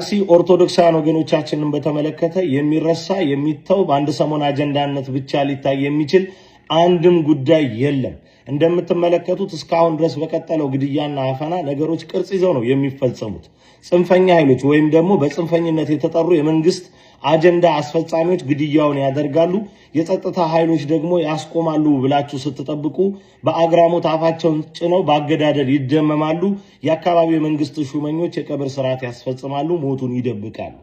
አርሲ ኦርቶዶክሳውያን ወገኖቻችንን በተመለከተ የሚረሳ የሚተው በአንድ ሰሞን አጀንዳነት ብቻ ሊታይ የሚችል አንድም ጉዳይ የለም። እንደምትመለከቱት እስካሁን ድረስ በቀጠለው ግድያና አፈና ነገሮች ቅርጽ ይዘው ነው የሚፈጸሙት። ጽንፈኛ ኃይሎች ወይም ደግሞ በጽንፈኝነት የተጠሩ የመንግስት አጀንዳ አስፈጻሚዎች ግድያውን ያደርጋሉ፣ የጸጥታ ኃይሎች ደግሞ ያስቆማሉ ብላችሁ ስትጠብቁ በአግራሞት አፋቸውን ጭነው በአገዳደል ይደመማሉ። የአካባቢው የመንግስት ሹመኞች የቀብር ስርዓት ያስፈጽማሉ፣ ሞቱን ይደብቃሉ።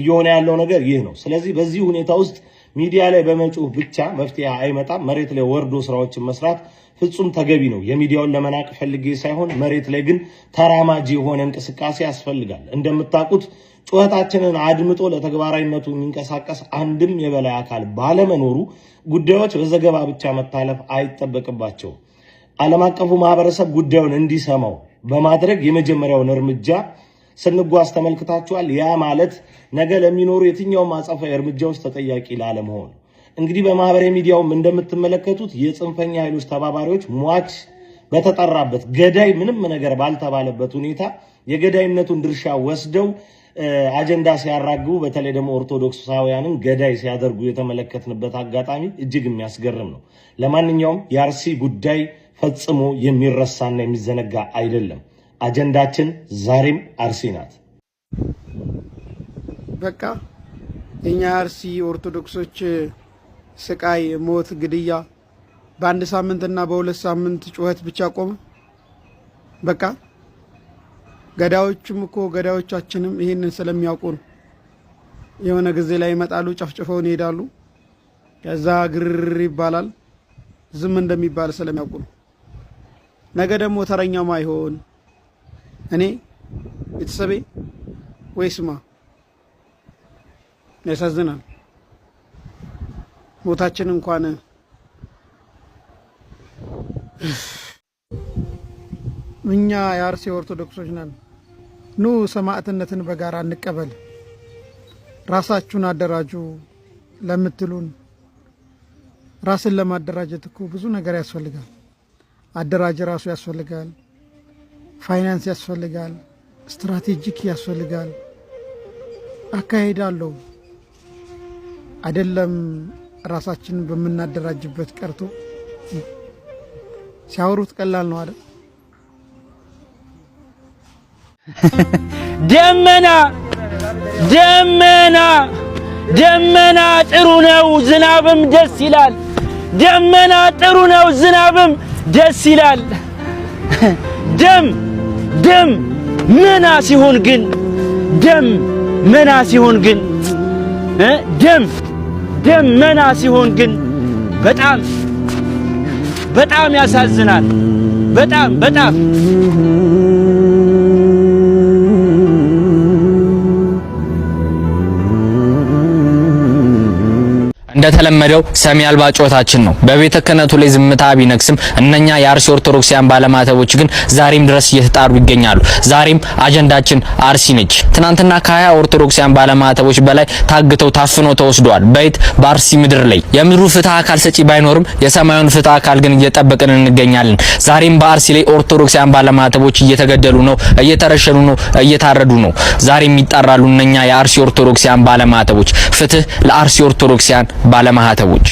እየሆነ ያለው ነገር ይህ ነው። ስለዚህ በዚህ ሁኔታ ውስጥ ሚዲያ ላይ በመጮህ ብቻ መፍትሄ አይመጣም። መሬት ላይ ወርዶ ስራዎችን መስራት ፍጹም ተገቢ ነው። የሚዲያውን ለመናቅ ፈልጌ ሳይሆን መሬት ላይ ግን ተራማጅ የሆነ እንቅስቃሴ ያስፈልጋል። እንደምታውቁት ጩኸታችንን አድምጦ ለተግባራዊነቱ የሚንቀሳቀስ አንድም የበላይ አካል ባለመኖሩ ጉዳዮች በዘገባ ብቻ መታለፍ አይጠበቅባቸውም። ዓለም አቀፉ ማህበረሰብ ጉዳዩን እንዲሰማው በማድረግ የመጀመሪያውን እርምጃ ስንጓዝ ተመልክታችኋል። ያ ማለት ነገ ለሚኖሩ የትኛውም አጸፋዊ እርምጃ ውስጥ ተጠያቂ ላለመሆን እንግዲህ በማህበራዊ ሚዲያውም እንደምትመለከቱት የጽንፈኛ ኃይሎች ተባባሪዎች ሟች በተጠራበት ገዳይ ምንም ነገር ባልተባለበት ሁኔታ የገዳይነቱን ድርሻ ወስደው አጀንዳ ሲያራግቡ በተለይ ደግሞ ኦርቶዶክሳውያንን ገዳይ ሲያደርጉ የተመለከትንበት አጋጣሚ እጅግ የሚያስገርም ነው። ለማንኛውም የአርሲ ጉዳይ ፈጽሞ የሚረሳና የሚዘነጋ አይደለም። አጀንዳችን ዛሬም አርሲ ናት። በቃ እኛ አርሲ ኦርቶዶክሶች ስቃይ፣ ሞት፣ ግድያ በአንድ ሳምንት እና በሁለት ሳምንት ጩኸት ብቻ ቆመ። በቃ ገዳዮቹም እኮ ገዳዮቻችንም ይህንን ስለሚያውቁ ነው። የሆነ ጊዜ ላይ ይመጣሉ፣ ጨፍጭፈውን ይሄዳሉ። ከዛ ግርር ይባላል። ዝም እንደሚባል ስለሚያውቁ ነው። ነገ ደግሞ ተረኛማ አይሆን እኔ ቤተሰቤ ወይስማ ያሳዝናል። ሞታችን እንኳን እኛ የአርሴ ኦርቶዶክሶች ነን። ኑ ሰማዕትነትን በጋራ እንቀበል፣ ራሳችሁን አደራጁ ለምትሉን ራስን ለማደራጀት እኮ ብዙ ነገር ያስፈልጋል። አደራጅ ራሱ ያስፈልጋል። ፋይናንስ ያስፈልጋል፣ ስትራቴጂክ ያስፈልጋል፣ አካሄዳለሁ አለው አይደለም። ራሳችን በምናደራጅበት ቀርቶ ሲያወሩት ቀላል ነው አይደል? ደመና ደመና ደመና ጥሩ ነው፣ ዝናብም ደስ ይላል። ደመና ጥሩ ነው፣ ዝናብም ደስ ይላል። ደም ደም መና ሲሆን ግን ደም መና ሲሆን ግን ደም ደም መና ሲሆን ግን በጣም በጣም ያሳዝናል። በጣም በጣም እንደተለመደው ሰሚ አልባ ጩኸታችን ነው። በቤተ ክህነቱ ላይ ዝምታ ቢነግስም እነኛ የአርሲ ኦርቶዶክሲያን ባለማተቦች ግን ዛሬም ድረስ እየተጣሩ ይገኛሉ። ዛሬም አጀንዳችን አርሲ ነች። ትናንትና ከሀያ ኦርቶዶክሲያን ባለማተቦች በላይ ታግተው ታፍኖ ተወስደዋል። በየት በአርሲ ምድር ላይ የምድሩ ፍትህ አካል ሰጪ ባይኖርም የሰማዩን ፍትህ አካል ግን እየጠበቅን እንገኛለን። ዛሬም በአርሲ ላይ ኦርቶዶክሲያን ባለማተቦች እየተገደሉ ነው፣ እየተረሸኑ ነው፣ እየታረዱ ነው። ዛሬም ይጣራሉ እነኛ የአርሲ ኦርቶዶክሲያን ባለማተቦች ፍትህ ለአርሲ ኦርቶዶክሲያን ባለማህተቦች